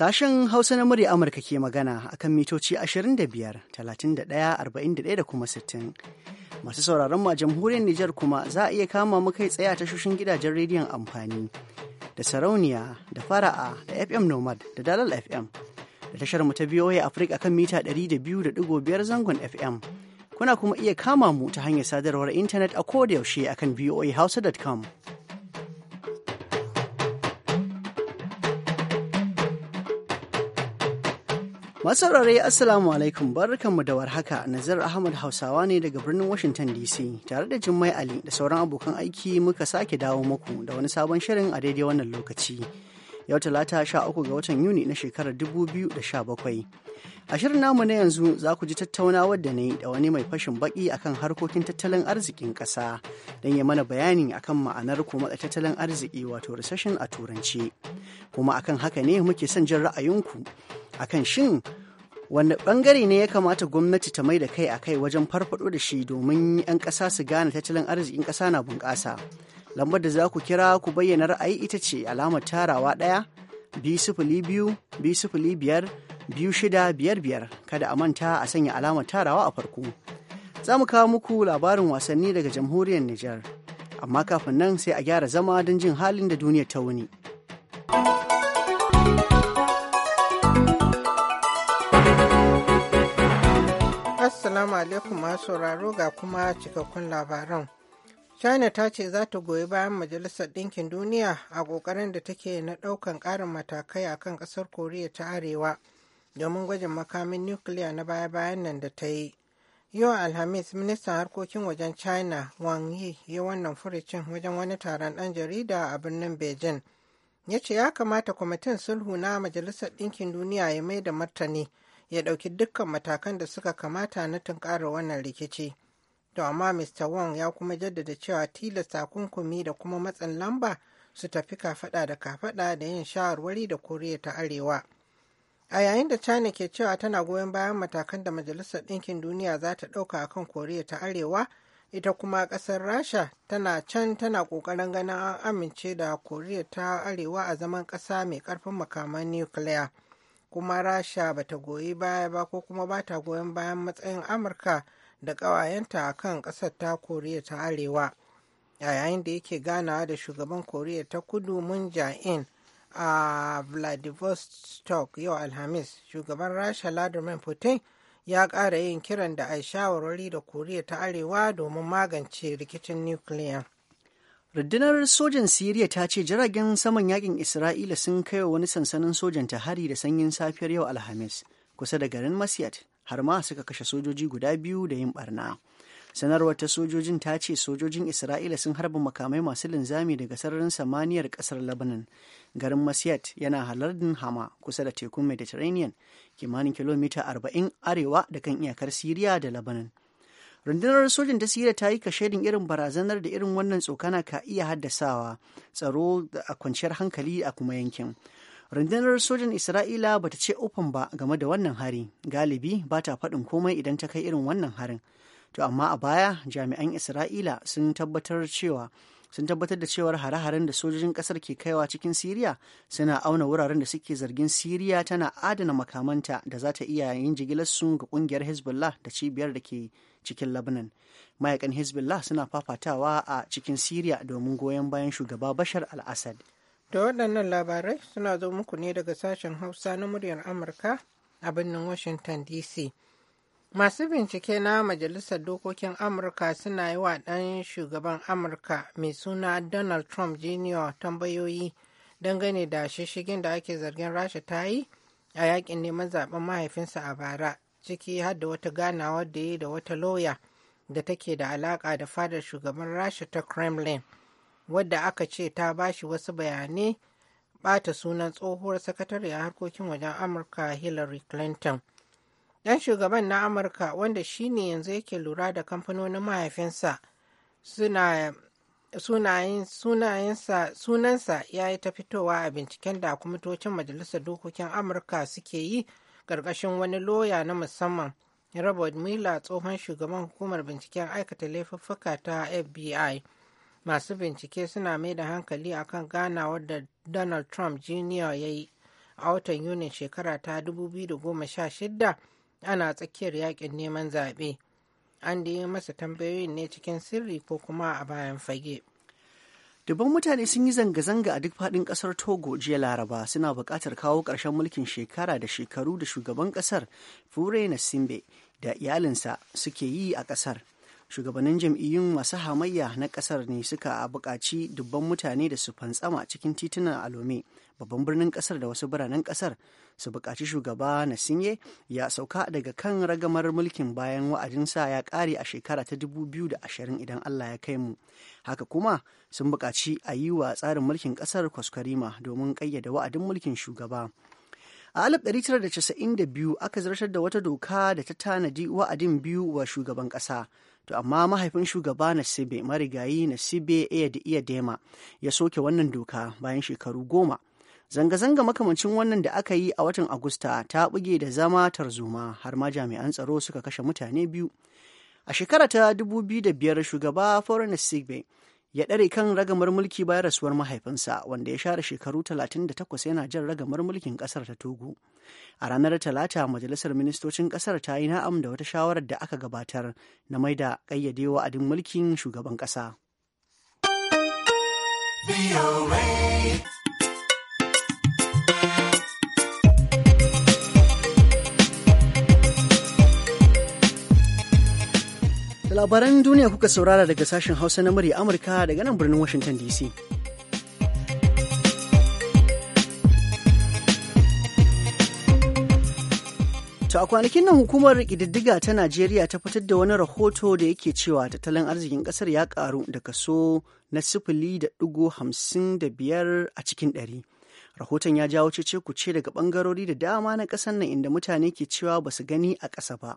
Sashen Hausa na murya Amurka ke magana a kan mitoci 25, 31, 41 da kuma 60. Masu sauraron ma jamhuriyar Nijar kuma za a iya kama mu kai tsaya a tashoshin gidajen rediyon amfani da sarauniya da fara'a da FM Nomad da Dalal FM da tashar mu ta BOA Africa kan mita 200.5 zangon FM. Kuna kuma iya kama mu ta hanyar sadarwar intanet a kodayaushe akan voahausa.com. Masarare Assalamu alaikum barkanmu da warhaka Nazar Ahmad Hausawa ne daga birnin Washington DC tare da Jummai Ali da sauran abokan aiki muka sake dawo muku da wani sabon shirin a daidai wannan lokaci. Yau talata 13 ga watan Yuni na shekarar 2017. A shirin namu na yanzu za ku ji tattaunawar da na yi da wani mai fashin baki akan harkokin tattalin arzikin ƙasa don ya mana bayani akan ma'anar kuma tattalin arziki wato recession a Turanci. Kuma akan haka ne muke son jin ra'ayinku akan shin wanda bangare ne ya kamata gwamnati ta mai da kai a kai wajen farfado da shi domin 'yan ƙasa su gane tattalin arzikin ƙasa na bunƙasa. Lambar da za ku kira ku bayyana ra'ayi ita ce alamar tarawa ɗaya biyu sifili biyu biyu sifili biyar biyu shida biyar biyar kada a manta a sanya alamar tarawa a farko za mu kawo muku labarin wasanni daga jamhuriyar Nijar amma kafin nan sai a gyara zama don jin halin da duniya ta wuni. Assalamu alaikum masu sauraro ga kuma cikakkun labaran. china ta ce za ta goyi bayan majalisar ɗinkin duniya a ƙoƙarin da take na ɗaukan ƙarin matakai a kan ƙasar koriya ta arewa domin gwajin makamin nukiliya na baya-bayan nan da ta yi yau alhamis ministan harkokin wajen china wang yi ya wannan furicin wajen wani taron ɗan jarida a birnin beijing ya ce ya kamata kwamitin sulhu na majalisar ɗinkin duniya ya mai da martani ya ɗauki dukkan matakan da suka kamata na tunkara wannan rikici to amma mr wang ya kuma jaddada cewa tilasta kunkumi da kuma matsin lamba su tafi kafaɗa da kafaɗa da yin shawarwari da koriya ta arewa a yayin da china ke cewa tana goyon bayan matakan da majalisar ɗinkin duniya za ta ɗauka a kan koriya ta arewa ita kuma ƙasar rasha tana can tana ƙoƙarin ganin an amince da koriya ta arewa a zaman ƙasa mai ƙarfin makaman nukiliya kuma rasha ba ta goyi baya ba ko kuma ba ta goyon bayan matsayin amurka da ƙawayenta a kan ƙasar ta koriya ta arewa a yayin da yake ganawa da shugaban koriya ta kudu mun in a vladivostok yau alhamis shugaban rasha vladimir putin ya ƙara yin kiran da a shawarwari da koriya ta arewa domin magance rikicin nukiliya. rundunar sojan siriya ta ce jiragen saman yakin isra'ila sun kai wani sansanin sojan ta hari da sanyin safiyar yau alhamis kusa da garin masiyat har ma suka kashe sojoji guda biyu da yin barna sanarwar ta sojojin ta ce sojojin isra'ila sun harba makamai masu linzami daga sararin samaniyar kasar lebanon garin Masiyat yana halardin Hama kusa da tekun Mediterranean kimanin kilomita 40 arewa da kan iyakar Siriya da Lebanon. rundunar sojin ta siriya ta yi kashedin irin barazanar da irin wannan tsokana ka iya haddasawa tsaro a kwanciyar hankali a kuma yankin rundunar sojin isra'ila bata ce ofan ba game da wannan hari galibi ba ta faɗin komai idan ta kai irin wannan harin to amma a baya jami'an isra'ila sun tabbatar cewa sun tabbatar da cewar hare-haren da sojojin kasar ke kaiwa cikin siriya suna auna wuraren da suke zargin siriya tana adana makamanta da za ta iya yin jigilarsu ga kungiyar hezbollah da cibiyar da ke cikin labanan mayakan hezbollah suna fafatawa a cikin siriya domin goyon bayan shugaba bashar al-assad da waɗannan labarai suna zo muku ne daga sashen hausa na muryar amurka a birnin washington dc Masu bincike na Majalisar Dokokin Amurka suna yi wa ɗan shugaban Amurka mai suna Donald Trump Jr. tambayoyi dangane da shishigin da ake zargin Rasha ta yi a yakin neman zaben mahaifinsa a bara, ciki har da wata ganawa da yi da wata lauya da take da alaƙa da fadar shugaban Rasha ta Kremlin, wadda aka ce ta bashi wasu bayanai bata sunan tsohuwar sakatare a harkokin wajen Amurka Hillary Clinton. Dan shugaban na Amurka wanda shine yanzu yake lura da kamfanonin mahaifinsa sunansa ya yi ta fitowa a binciken da kwamitocin Majalisar Dokokin Amurka suke yi ƙarƙashin wani loya na musamman. Robert Miller tsohon shugaban hukumar binciken aikata laifuffuka ta FBI. Masu bincike suna mai da hankali akan ganawar da Donald Trump Jr. ya yi a watan Yunin shekara ta 2016 ana tsakiyar yakin neman zaɓe an da yi masa tambayoyin ne cikin sirri ko kuma a bayan fage dubban mutane sun yi zanga-zanga a duk faɗin ƙasar togo jiya laraba suna buƙatar kawo ƙarshen mulkin shekara da shekaru da shugaban ƙasar fure na simbe da iyalinsa suke yi a ƙasar shugabannin jam'iyyun masu hamayya na ƙasar ne suka buƙaci dubban mutane da su fantsama cikin titunan alome babban birnin kasar da wasu biranen kasar su bukaci shugaba na sinye ya sauka daga kan ragamar mulkin bayan wa'adinsa ya kare a shekara ta 2020 idan Allah ya kai mu. Haka kuma sun bukaci a yi wa tsarin mulkin kasar kwaskwarima domin ƙayyada wa'adin mulkin shugaba. A 1992 aka zartar da wata doka da ta tanadi wa'adin biyu wa shugaban ƙasa. To amma mahaifin shugaba na sibe marigayi iya dema ya soke wannan doka bayan shekaru goma. Zanga-zanga makamancin wannan da aka yi a watan Agusta ta buge da zama tarzoma har ma jami'an tsaro suka kashe mutane biyu. A shekara ta 2005 shugaba Foreign Sigbe ya ɗare kan ragamar mulki bayan rasuwar mahaifinsa wanda ya share shekaru 38 yana jan ragamar mulkin ƙasar ta Togo. A ranar Talata majalisar ministocin ƙasar ta yi na'am da wata shawarar da aka gabatar na mai maida ƙayyade duk mulkin shugaban ƙasa. Labaran duniya kuka saurara daga sashen Hausa na murya Amurka daga nan birnin Washington DC. To a kwanakin nan hukumar ƙididdiga ta Najeriya ta fitar da wani rahoto da yake cewa tattalin arzikin ƙasar ya ƙaru da kaso na sifili da ɗigo hamsin da biyar a cikin ɗari. Rahoton ya jawo cece kuce daga bangarori da dama na ƙasar nan inda mutane ke cewa ba su gani a ƙasa ba.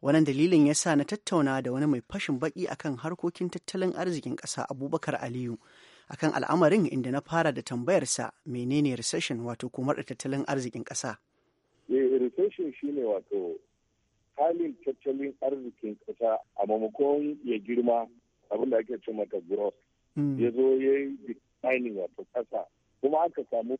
wannan dalilin ya sa na tattauna da wani mai fashin baki akan harkokin tattalin arzikin ƙasa abubakar aliyu akan al'amarin inda na fara da tambayarsa menene recession wato kuma da tattalin arzikin ƙasa eh, recession shine wato halin tattalin arzikin ƙasa a maimakon ya girma abin da ake ce mata growth hmm. ya zo ya yi declining wato ƙasa kuma aka samu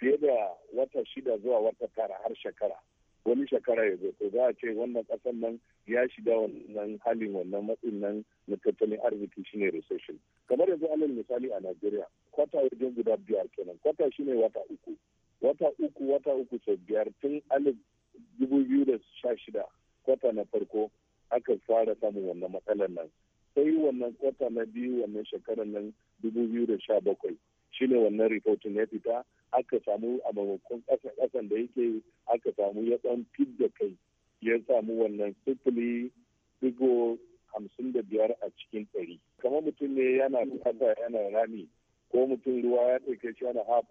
fiye da wata shida zuwa wata tara har shekara wani shekara ya zo za a ce wannan kasan nan ya shiga wannan halin wannan matsin nan na tattalin arziki shine recession kamar yanzu alal misali a Najeriya kwata wajen guda biyar kenan kwata shine wata uku wata uku wata uku sau biyar tun alif dubu biyu da sha shida kwata na farko aka fara samun wannan matsalar nan sai wannan kwata na biyu wannan shekarar nan dubu biyu da sha bakwai shine wannan reporting ya fita aka samu a kasan-kasan da yake aka samu ya ɗan fidda kai ya samu wannan sifili digo hamsin da biyar a cikin ɗari kamar mutum ne yana fata yana rami ko mutum ruwa ya ɗauke shi yana hap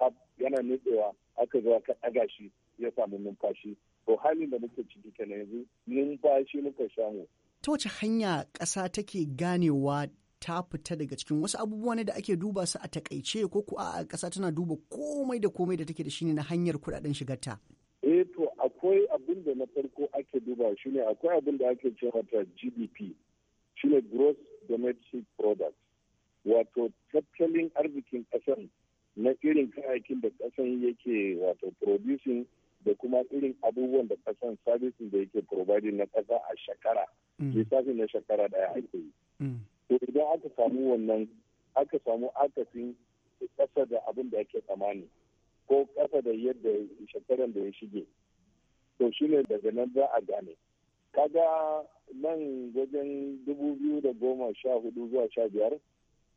hap yana nutsewa aka zo aka ɗaga shi ya samu numfashi to halin da muke ciki kenan yanzu numfashi muka samu ta wace hanya ƙasa take ganewa ta fita daga cikin wasu abubuwa ne da ake duba su a takaice ko ku a ƙasa tana duba komai da komai da take da shi ne na hanyar kuɗaɗen shigarta. Eh to akwai abin da na farko ake duba shi akwai abin da ake cewa ta GDP shi ne Gross Domestic Product wato tattalin arzikin ƙasar na irin kayayyakin da ƙasar yake wato producing da kuma irin abubuwan da kasan services da yake providing na kasa a shekara mm. lissafin na shakara daya ake yi mm. to idan aka samu wannan aka samu akasin ƙasa da abin da ake tsammani ko ƙasa da yadda shekaran da ya shige to shine daga nan za a gane kaga nan wajen dubu biyu da goma sha hudu zuwa sha biyar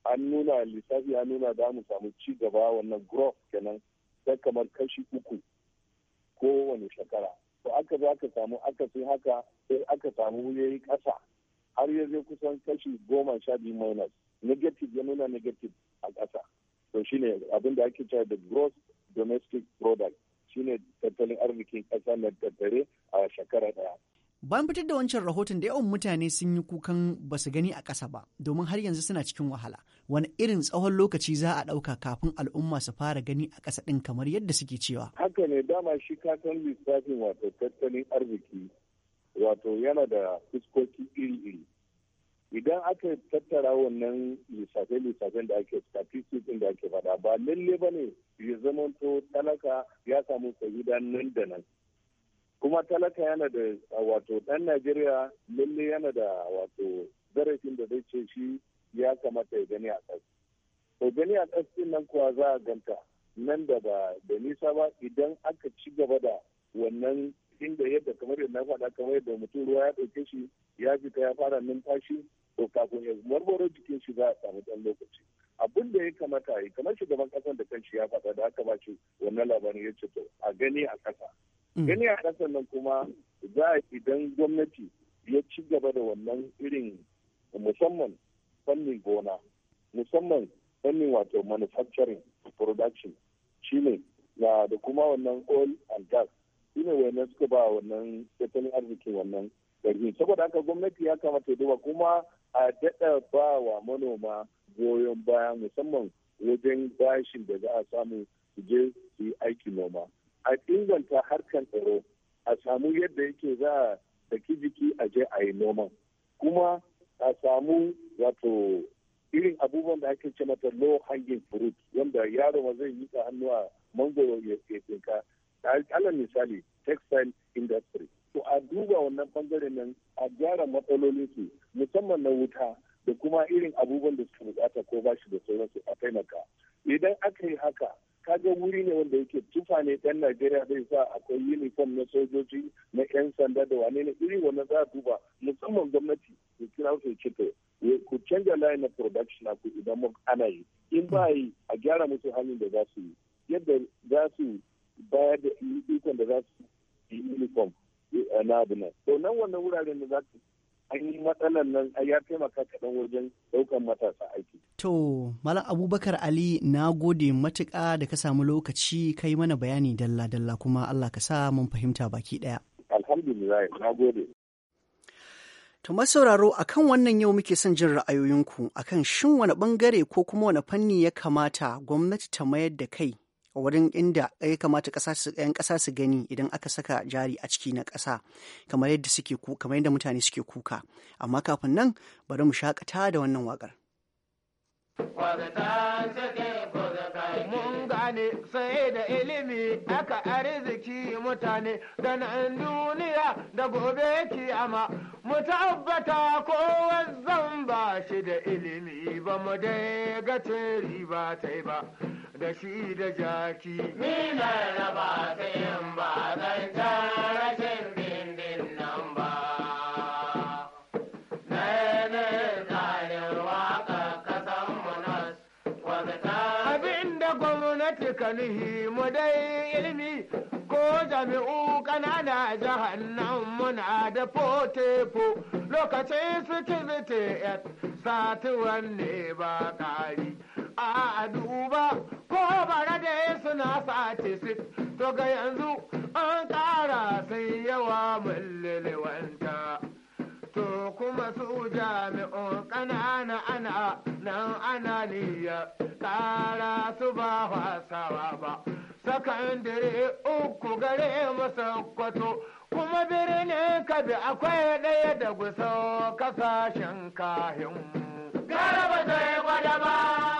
an nuna lissafi an nuna da mu samu ci gaba wannan growth kenan ta kamar kashi uku ko wani shekara to aka zo aka samu akasin haka sai aka samu yayi kasa. har ya zai kusan kashi goma sha biyu minus negative ya nuna negative a ƙasa to shi abin da ake cewa da gross domestic product shine tattalin arzikin ƙasa na tattare a shekara ɗaya. Bayan fitar da wancan rahoton da yawan mutane sun yi kukan ba su gani a ƙasa ba domin har yanzu suna cikin wahala wani irin tsawon lokaci za a ɗauka kafin al'umma su fara gani a ƙasa ɗin kamar yadda suke cewa. Haka ne dama shi katon lissafin wato tattalin arziki wato yana da fuskoki iri-iri idan aka tattara wannan lissafe-lissafen da ake statistics din da ake faɗa ba lalle ba ne ya zama to talaka ya samu sahida nan da nan kuma talaka yana da wato dan najeriya lalle yana da wato zarafin da zai ce shi ya kamata ya gani a ƙasa to gani a ƙasa nan kuwa za a ganta nan da ba da nisa ba idan aka ci gaba da wannan inda yadda kamar yadda na faɗa kamar yadda mutum ruwa ya ɗauke shi ya fita ya fara numfashi to kafin ya marmaro jikin shi za a samu ɗan lokaci abin da ya kamata yi kamar shugaban ƙasar da kanshi ya faɗa da aka ba shi wannan labarin ya ce to a gani a ƙasa mm. gani a ƙasar nan kuma za a idan gwamnati ya ci gaba da wannan irin musamman fannin gona musamman fannin wato manufacturing production shine da kuma wannan oil and gas shine wayannan suka ba wannan tattalin arziki wannan ƙarfi saboda haka gwamnati ya kamata ya duba kuma a daɗa ba wa manoma goyon baya musamman wajen bashin da za a samu su je su yi aiki noma a inganta harkan tsaro a samu yadda yake za a saki jiki a je a yi noman kuma a samu wato irin abubuwan da ake ce mata low hanging fruit wanda yaro ma zai yi hannu a mangoro ya tsinka alal misali textile industry to a duba wannan bangare nan a gyara matsalolin su musamman na wuta da kuma irin abubuwan da suka bukata ko ba shi da sauransu a taimaka idan aka yi haka kaga wuri ne wanda yake tufa ne ɗan Najeriya zai sa akwai uniform na sojoji na 'yan sanda da wane ne iri wannan za a duba musamman gwamnati da kira su ce to ku canja layin na production ku idan mu ana yi in ba yi a gyara musu hannun da za su yi yadda za su Baya da ikon da za su yi uniform eh, a abu nan to nan wannan wuraren da za su yi matsalar nan ya taimaka kaɗan wajen ɗaukan matasa aiki. To, Malam Abubakar Ali na gode matuƙa da ka samu lokaci ka yi mana bayani dalla-dalla kuma Allah ka sa mun fahimta baki ɗaya. Alhamdulillah, na gode. To masauraro a kan wannan yau muke son jin ra'ayoyinku a kan shin wani ɓangare ko kuma wani fanni ya kamata gwamnati ta mayar da kai wurin inda ya kamata yan ƙasa su gani idan aka saka jari a ciki na ƙasa kamar yadda suke kamar yadda mutane suke kuka amma kafin nan bari mu shakata da wannan waƙar. mun gane sai da ilimi aka arziki mutane da nan duniya da gobe kiyama mu tabbata ko zan ba shi da ilimi ba mu dai ga riba ta ba da shi da jaki ni na raba ta yin ba zan rashin jami'u kanana jahannan muna da fotefo lokacin sikiriti yan satuwan ne ba kari a duba ko bara da suna sati sit to ga yanzu an ƙara sai yawa mullilwanta. to kuma su jami'un ƙanana ana nan ana tsara su ba wasawa ba sakandare uku gare masa kwato kuma birnin kabi akwai ɗaya da gusa kasashen kahin garaba zai gwada ba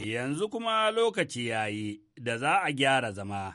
Yanzu kuma lokaci ya yi da za a gyara zama.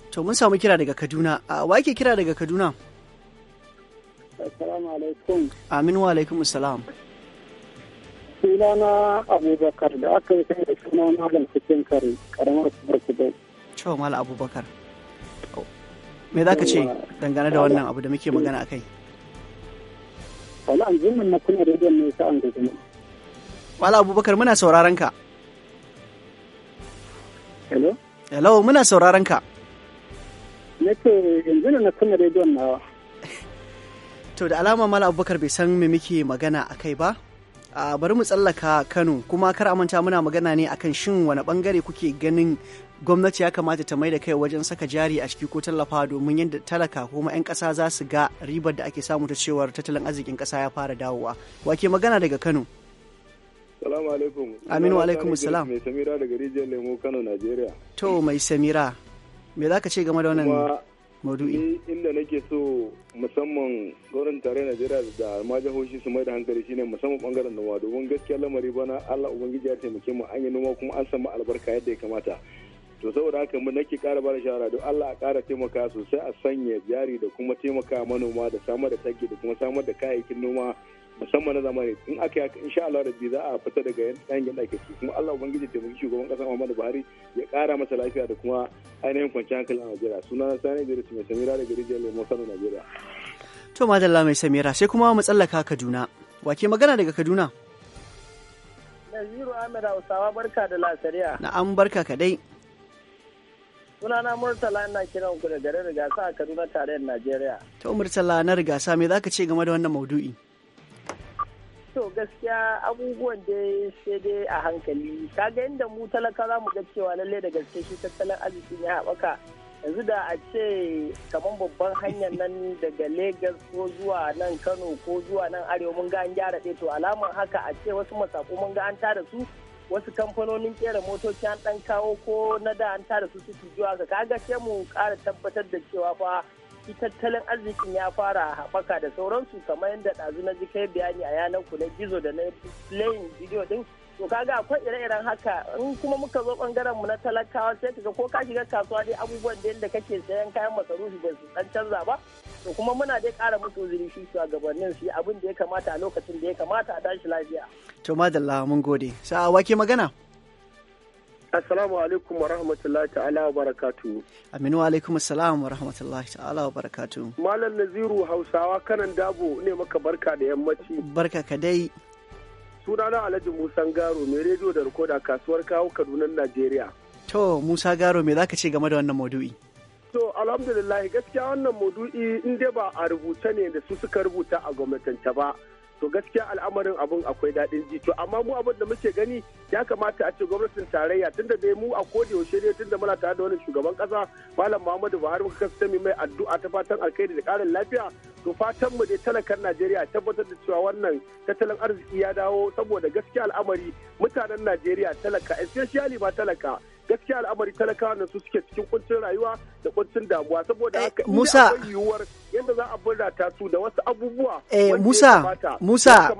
To mun samu kira daga Kaduna. A wa ke kira daga Kaduna? Assalamu alaikum. Amin wa alaikum assalam. Sunana Abubakar da aka yi sai da suna Malam Cikin Kare, karamar Kubar Kudu. Cewa Malam Abubakar. Me za ka ce dangane da wannan abu da muke magana a kai? Wala an zumin na kuna rediyon ne sa'an da zuma. Wala Abubakar muna sauraron ka. Hello? Hello, muna sauraron ka. na ce yanzu na kunna rediyon nawa to da alama mala abubakar bai san me muke magana a kai ba a bari mu tsallaka kano kuma kar manta muna magana ne akan shin wani bangare kuke ganin gwamnati ya kamata ta maida kai wajen saka jari a ciki ko tallafa domin yadda talaka kuma 'yan kasa za su ga ribar da ake samu ta cewar tattalin arzikin kasa ya fara dawowa wake magana daga kano salamu alaikum aminu alaikum salam mai samira daga rijiyar lemo kano najeriya to mai samira me za ka ce game da wannan maudu'i inda nake so musamman gwamnatin tarayyar najeriya da ma jihohi su mai da hankali shine musamman bangaren noma domin gaskiya lamari bana allah ubangiji ya taimake mu an yi noma kuma an samu albarka yadda ya kamata to saboda haka mu nake kara bada shawara don allah a ƙara taimaka sosai a sanya jari da kuma taimaka manoma da samar da taki da kuma samar da kayayyakin noma musamman na zamani in aka yi sha Allah rabbi za a fita daga yankin da ake ciki kuma Allah ubangiji da muke shugaban kasa Muhammadu Buhari ya kara masa lafiya da kuma ainihin kwanciyar hankali a Najeriya suna Sani da mai Samira daga Rijiyar Lemo Kano Najeriya to madalla mai Samira sai kuma mu tsallaka Kaduna wake magana daga Kaduna Naziru Ahmed Hausawa barka da lasariya na'am barka kadai sunana murtala ina kiran ku da garin rigasa a kaduna tarayyar najeriya to murtala na rigasa me zaka ce game da wannan maudu'i to gaskiya abubuwan dai sai dai a hankali kaga inda mu talaka za mu ga cewa lalle da gaske shi tattalin arziki ya haɓaka yanzu da a ce kamar babban hanyar nan daga lagos ko zuwa nan kano ko zuwa nan arewa mun ga an gyara ɗaya to alaman haka a ce wasu masako mun ga an tara su wasu kamfanonin kera motoci an ɗan kawo ko na da an tara su su ka kaga ce mu ƙara tabbatar da cewa fa shi tattalin arzikin ya fara haɓaka da sauransu kamar yadda ɗazu na ji kai bayani a yanar ku na gizo da na playing video din to kaga akwai ire-iren haka in kuma muka zo bangaren mu na talakawa sai kaga ko ka shiga kasuwa dai abubuwan da yadda kake sayan kayan masarufi ba su dan canza ba to kuma muna dai ƙara musu uzuri shi gabanin su abin da ya kamata a lokacin da ya kamata a tashi lafiya to madalla mun gode sa'a wake magana Assalamu alaikum wa rahmatullahi ta'ala wa barakatu. Aminu wa alaikum assalam wa rahmatullahi ta'ala wa barakatu. Malam Naziru Hausawa kanan dabo ne maka barka da yammaci. Barka ka dai. Sunana Alhaji Musa Garo mai rediyo da rikoda kasuwar kawo kadunan Najeriya. To Musa Garo me zaka ce game da wannan maudu'i? To alhamdulillah gaskiya wannan maudu'i in dai ba a rubuce ne da su suka rubuta a gwamnatance ba. to gaskiya al'amarin abun akwai daɗin ji to amma mu abin da muke gani ya kamata a ce gwamnatin tarayya tunda dai mu a koda yaushe ne tunda muna tare da wani shugaban kasa malam Muhammadu Buhari muka kasance mai addu'a ta fatan alkhairi da ƙarin lafiya to fatan mu dai talakan Najeriya tabbatar da cewa wannan tattalin arziki ya dawo saboda gaskiya al'amari mutanen Najeriya talaka especially ba talaka gaskiya al'amari talakawa na su suke cikin kuncin rayuwa da kuncin damuwa saboda eh, haka Musa yiwuwar yadda za a burrata su da wasu abubuwa eh Musa Musa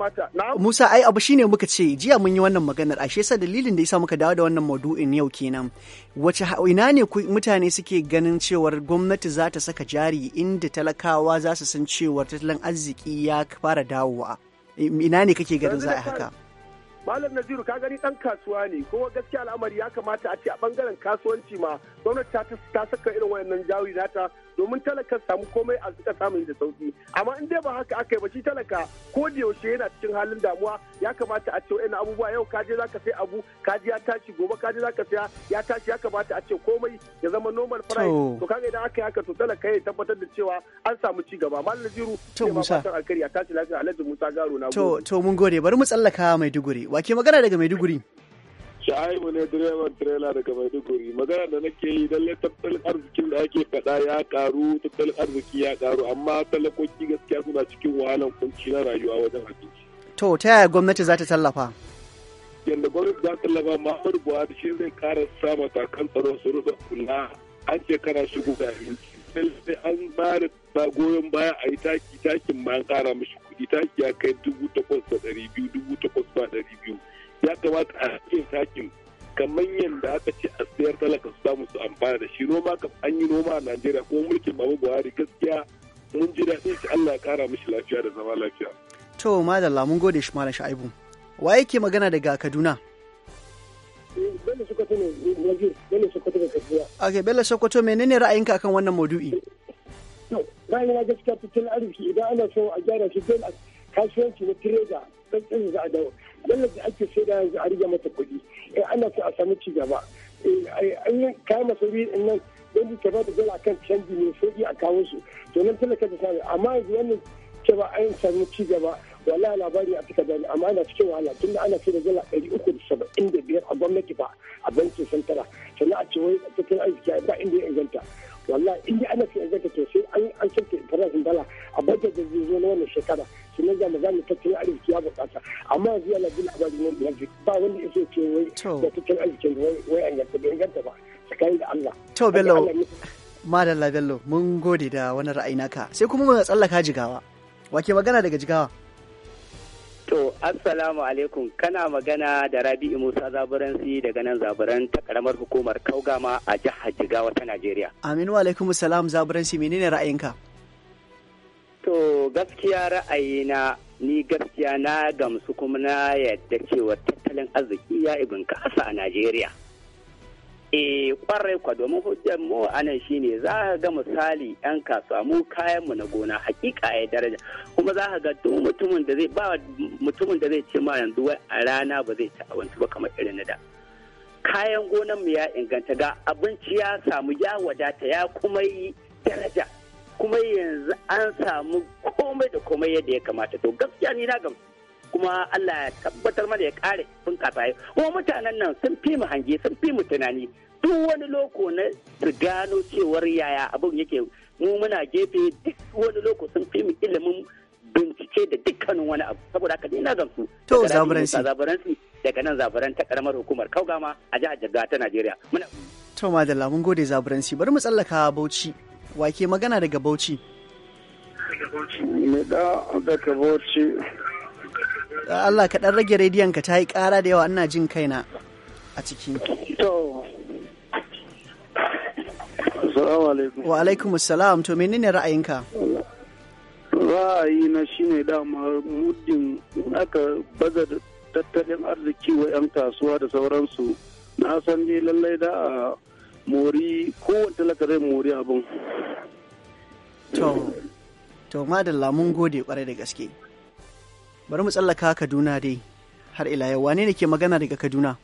Musa ai abu shine muka ce jiya mun yi wannan maganar ashe sai dalilin da yasa muka dawo da wannan maudu'in yau kenan wace ina ne mutane suke ganin cewar gwamnati za ta saka jari inda talakawa za su san cewar tattalin arziki ya fara dawowa ina ne kake ganin za a haka Malam Naziru ka gani dan kasuwa ne kuma gaskiya al'amari ya kamata a ce a bangaren kasuwanci ma gwamnati ta saka irin wayannan jawi nata domin talaka samu komai a suka samu da sauki amma in dai ba haka aka yi ba shi talaka ko da yaushe yana cikin halin damuwa ya kamata a ce wayannan abubuwa yau ka je zaka sai abu ka ji ya tashi gobe ka je zaka saya ya tashi ya kamata a ce komai ya zama normal price to kaga idan aka yi haka to talaka ya tabbatar da cewa an samu ci gaba Malam Naziru to Musa a tashi lafiya Alhaji Musa Garo na to to mun gode bari mu tsallaka mai Maiduguri Wake magana daga Maiduguri? Sha'aibu ne direban tirela daga Maiduguri. Magana da nake yi don tattalin arzikin da ake faɗa ya karu, tattalin arziki ya karu, amma talakoki gaskiya suna cikin wahalan kunci na rayuwa wajen abinci. To, ta yaya gwamnati za ta tallafa? Yanda gwamnati za ta tallafa Muhammadu Buhari shi zai kara sa matakan tsaro su rufe kula an shekara shigo da abinci. Sai an ba da goyon baya a yi taki takin ma an kara mishi kuɗi ta ya kai dubu takwas da ɗari biyu dubu takwas ba ɗari biyu ya kamata a cikin takin kamar yadda aka ce a sayar talaka su samu su amfana da shi noma kam an yi noma a najeriya kuma mulkin baba buhari gaskiya mun ji daɗin shi allah ya kara mishi lafiya da zama lafiya. to madalla mun gode shi malam sha'ibu wa yake magana daga kaduna. Eh, bello sokoto ne bello sokoto kaduna. bello sokoto menene ra'ayinka akan wannan maudu'i. to ya gaskiya cikin arziki idan ana so a gyara shi a kasuwanci na tireda don tsanin za a dawo wani da ake sai da yanzu a rige mata kuɗi in eh, ana so a samu ci gaba eh, an yi kayan in nan don ta ba da dala kan canji mai sauki a kawo su to nan talaka ta samu amma yanzu wannan ba an samu ci gaba wala labari a cika dani amma ana cikin wahala tunda ana sai da dala ɗari uku da saba'in da biyar a gwamnati ba a bankin santara sannan a ce wai a arziki ba inda ya inganta wallahi in ji ana fiye zaka to sai an an sauke farashin dala a budget da zai zo na wannan shekara shi ne zamu zamu tattalin arziki ya bukata amma yanzu yana jin labarin nan da ba wanda yake ce wai da tattalin arziki arzikin wai an yanta bai inganta ba tsakanin da Allah to bello madalla bello mun gode da wani ra'ayi naka sai kuma mu tsallaka jigawa wake magana daga jigawa To, Assalamu alaikum kana magana da Rabi'u Musa Zaburansi daga nan Zaburan ta karamar hukumar Kaugama a jihar Jigawa ta Najeriya. Aminu alaikum salam Zaburansi menene ra'ayinka? To, gaskiya ra'ayina ni gaskiya na gamsu kuma na yadda cewa tattalin arziki ya ibin a Najeriya. E kwarai kwa domin hujjar mu anan shine za ka ga misali yan kasuwa mu kayan mu na gona hakika ya daraja kuma za ka ga duk mutumin da zai ba mutumin da zai ce ma yanzu wai a rana ba zai ci abinci ba kamar irin na da kayan gonan mu ya inganta ga abinci ya samu ya wadata ya kuma yi daraja kuma yanzu an samu komai da komai yadda ya kamata to gaskiya ni na gamsu kuma Allah ya tabbatar mana ya kare bunƙasa kuma mutanen nan sun fi mu hange sun fi mu tunani duk wani loko na su gano cewar yaya abin yake mu muna gefe duk wani loko sun fi mu ilimin bincike da dukkanin wani abu saboda haka ina gamsu to zaburansi zaburansi daga nan zaburan ta karamar hukumar kaugama a jihar Jigawa ta Najeriya muna to madalla mun gode zaburansi bari mu tsallaka Bauchi wake magana daga Bauchi daga Bauchi me da daga Bauchi Allah ka dan rage rediyon ka ta yi kara da yawa ina jin kaina a ciki. To. Assalamu alaikum. Wa alaikum assalam to menene ra'ayinka? Ra'ayi na shine dama muddin aka baza tattalin arziki wa 'yan kasuwa da sauransu na san dai lallai da a mori kowane talaka zai mori abin. To, to madalla mun gode kwarai da gaske. bari mu tsallaka kaduna dai har ila yau wane ne ke magana daga kaduna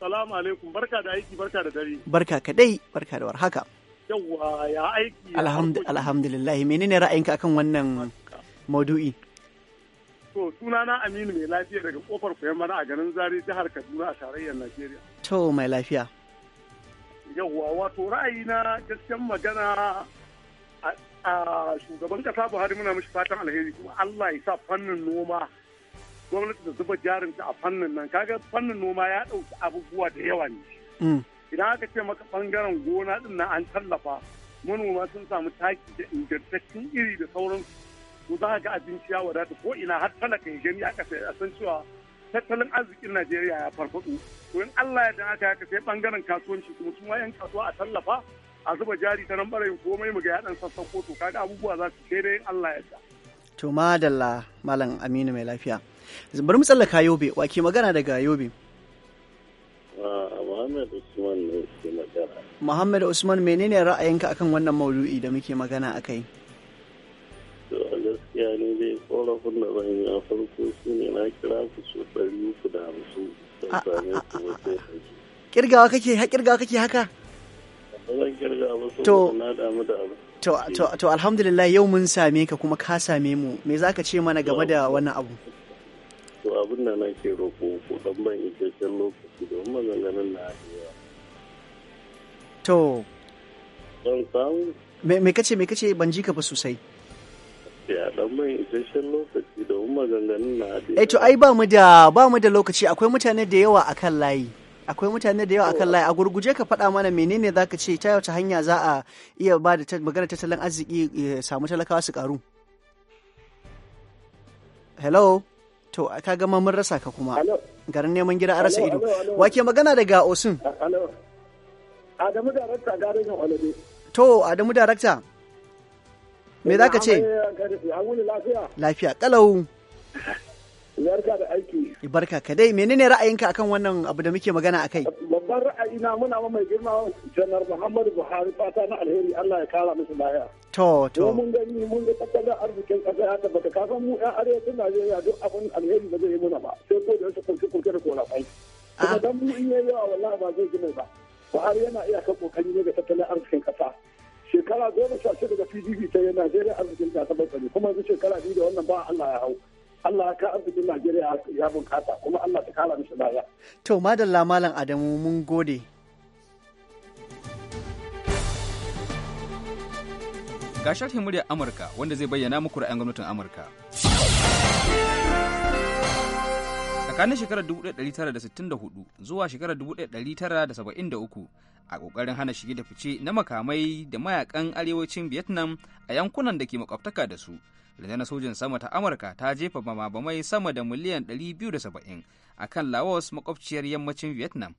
salamu alaikum barka da aiki barka da dare barka kadai barka da warhaka yawwa ya aiki alhamdulillah menene ra'ayinka akan wannan maudu'i to sunana aminu mai lafiya daga kofar koyon mana a garin zari jihar kaduna a tarayyar najeriya to mai lafiya yawwa wato ra'ayina gaskiyar magana shugaban kasa Buhari muna mishi fatan alheri kuma Allah ya sa fannin noma gwamnati da zuba jarinta a fannin nan kaga fannin noma ya ɗauki abubuwa da yawa ne. Mm. Idan aka ce maka ɓangaren gona ɗin na an tallafa manoma sun samu taki da ingantaccen iri da sauransu ko za ga abinci ya wadata ko ina har talaka ya gani aka sai a san cewa tattalin arzikin Najeriya ya farfaɗo. Ko in Allah ya dan aka ya sai ɓangaren kasuwanci kuma su 'yan kasuwa a tallafa a zuba jari ta nan barayin komai mu ga yaɗan sassan kotu kaga abubuwa za su daidai dai Allah ya yarda. To madalla Malam Aminu mai lafiya. Bari mu tsallaka Yobe, wa ke magana daga Yobe? Ah, Muhammad Usman ne ke magana. Muhammad Usman menene ra'ayinka akan wannan maudu'i da muke magana akai? To a gaskiya ne dai korafin da zan yi a farko ne na kira ku so ɗari uku da hamsin. Kirgawa kake, kirgawa kake haka? to to to to alhamdulillah yau mun same ka kuma ka same mu me za ka ce mana game da wannan abu to abin da na ke roƙo ko dan ban isasshen lokaci don maganganun na to ban samu me kace me kace ban ji ka ba sosai ya dan ban isasshen lokaci don maganganun na eh to ai ba mu da lokaci akwai mutane da yawa a kan layi akwai mutane da yawa akan oh. layi a gurguje ka faɗa mana menene za ka ce ta wace hanya za a iya ba da magana tattalin arziki ya samu talakawa su karu hello to ka gama mun rasa ka kuma garin neman gida a rasa ido wake magana daga osun adamu darakta garin olade to adamu darakta me za ka ce lafiya kalau barka da aiki. Barka ka dai menene ra'ayinka akan wannan abu da muke magana a kai? Babban na muna ma mai girma janar Muhammadu Buhari fata na alheri Allah ya kara musu baya To to. Mun gani mun ga tattalin arzikin ƙasa ya tabbata kafin mu 'yan arewacin Najeriya duk abin alheri ba zai yi muna ba sai ko da wasu kurkukurke da korafai. Ah. Kuma dan mu in yayi yawa wallahi ba zai gina ba. Buhari yana iya kan kokari ne ga tattalin arzikin ƙasa. Shekara goma sha shida da PDP ta yi Najeriya arzikin ta bai ne kuma yanzu shekara biyu da wannan ba Allah ya hau. Allah ka arzikin Najeriya ya bunƙasa kuma Allah ta kala mishi baya. To madalla malam Adamu mun gode. Ga sharhin muryar Amurka wanda zai bayyana muku ra'ayin gwamnatin Amurka. Tsakanin shekarar 1964 zuwa shekarar 1973 a ƙoƙarin hana shige da fice na makamai da mayakan arewacin Vietnam a yankunan da ke makwabtaka da su rundunar sojin sama ta amurka ta jefa bamabamai sama da miliyan 270 a kan laos makwabciyar yammacin vietnam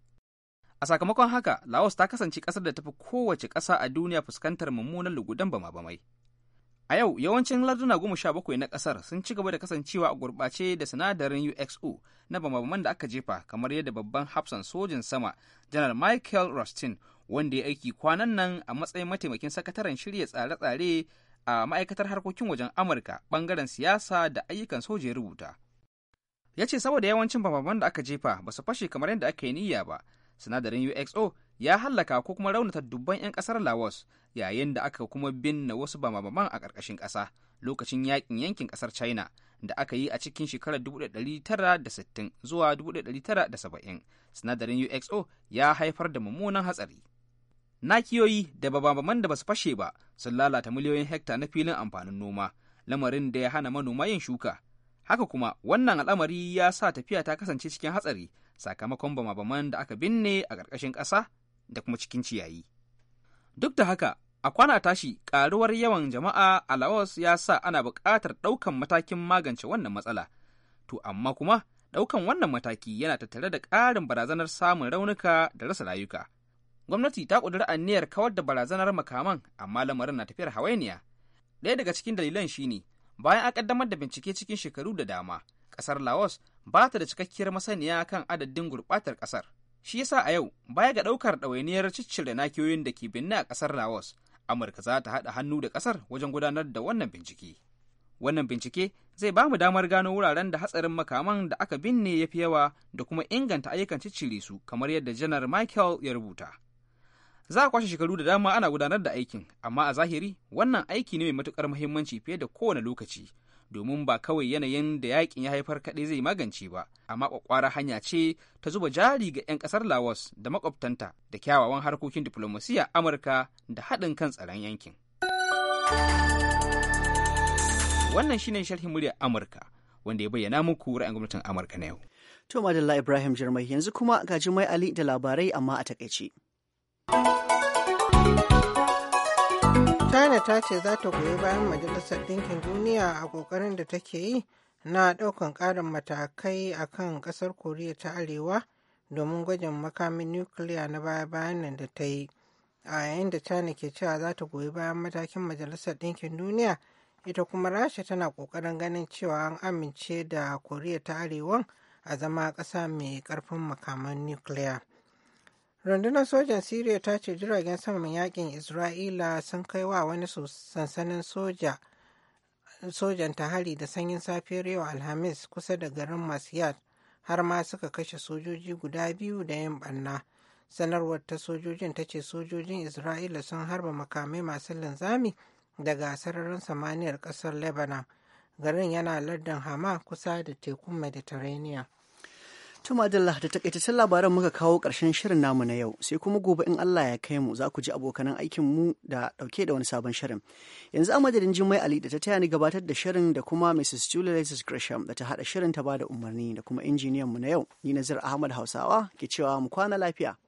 a sakamakon haka laos ta kasance kasar da tafi kowace kasa a duniya fuskantar mummunan lugudan bamabamai a yau yawancin larduna goma sha bakwai na ƙasar sun ci gaba da kasancewa a gurɓace da sinadarin uxo na bamabaman da aka jefa kamar yadda babban hafsan sojin sama janar michael rustin wanda ya aiki kwanan nan a matsayin mataimakin sakataren shirya tsare-tsare a ma'aikatar harkokin wajen Amurka bangaren siyasa da ayyukan soja ya rubuta. Ya ce saboda yawancin bambaman da aka jefa ba su fashe kamar yadda aka yi niyya ba, sinadarin UXO ya hallaka ko kuma raunata dubban 'yan kasar Laos yayin da aka kuma binne wasu bambaman a ƙarƙashin ƙasa lokacin yakin yankin ƙasar China da aka yi a cikin shekarar 1960 zuwa 1970. Sinadarin UXO ya haifar da mummunan hatsari. nakiyoyi da bababaman da basu fashe ba sun lalata miliyoyin hekta na filin amfanin noma lamarin da ya hana manoma yin shuka haka kuma wannan al'amari ya sa tafiya ta kasance cikin hatsari sakamakon bamabaman da aka binne a ƙarƙashin ƙasa da kuma cikin ciyayi duk da haka a kwana tashi ƙaruwar yawan jama'a a laos ya sa ana buƙatar ɗaukan matakin magance wannan matsala to amma kuma ɗaukan wannan mataki yana tattare da ƙarin barazanar samun raunuka da rasa rayuka gwamnati ta ƙudiri aniyar kawar da barazanar makaman amma lamarin na tafiyar hawainiya ɗaya daga cikin dalilan shine bayan an ƙaddamar da bincike cikin shekaru da dama ƙasar laos ba ta da cikakkiyar masaniya kan adadin gurɓatar ƙasar shi yasa a yau baya ga ɗaukar ɗawainiyar ciccire nakiyoyin da ke binne a ƙasar laos amurka za ta haɗa hannu da ƙasar wajen gudanar da wannan bincike wannan bincike zai ba mu damar gano wuraren da hatsarin makaman da aka binne ya fi yawa da kuma inganta ayyukan ciccire su kamar yadda janar michael ya rubuta za a kwashe shekaru da dama ana gudanar da aikin amma a zahiri wannan aiki ne mai matukar muhimmanci fiye da kowane lokaci domin ba kawai yanayin da yakin ya haifar kaɗai zai magance ba amma kwakwara hanya ce ta zuba jari ga 'yan ƙasar laos da makwabtanta da kyawawan harkokin diflomasiyya amurka da haɗin kan tsaron yankin wannan shine sharhin muryar amurka wanda ya bayyana muku ra'ayin gwamnatin amurka na yau to madalla ibrahim jirmai yanzu kuma gaji mai ali da labarai amma a takaice china ta ce za ta goyi bayan majalisar ɗinkin duniya a ƙoƙarin da take yi na ɗaukan ƙarin matakai a kan ƙasar koriya ta arewa domin gwajin makamin nukiliya na baya-bayan nan da ta yi a yayin da china ke cewa za ta goyi bayan matakin majalisar ɗinkin duniya ita kuma rasha tana ƙoƙarin ganin cewa an amince da koriya ta Arewa a zama ƙasa mai ƙarfin makaman nukiliya. rundunar sojan syria ta ce jiragen saman yakin isra'ila sun kai wa wani sansanin soja sojan ta hari da sanyin safiyar yau alhamis kusa da garin masiyat har ma suka kashe sojoji guda biyu da yin barna sanarwar ta sojojin ta ce sojojin isra'ila sun harba makamai masu linzami daga sararin samaniyar kasar lebanon garin yana lardin hama kusa da tekun mediterranean Tuma Adalla da takaitaccen labaran muka kawo ƙarshen shirin namu na yau sai kuma gobe in Allah ya kai mu za ku ji abokanan aikin mu da ɗauke da wani sabon shirin. Yanzu a madadin Jummai Ali da ta taya ni gabatar da shirin da kuma Mrs. Julia Lesis Gresham da ta haɗa shirin ta ba da umarni da kuma injiniyan mu na yau ni Nazir Ahmad Hausawa ke cewa mu kwana lafiya.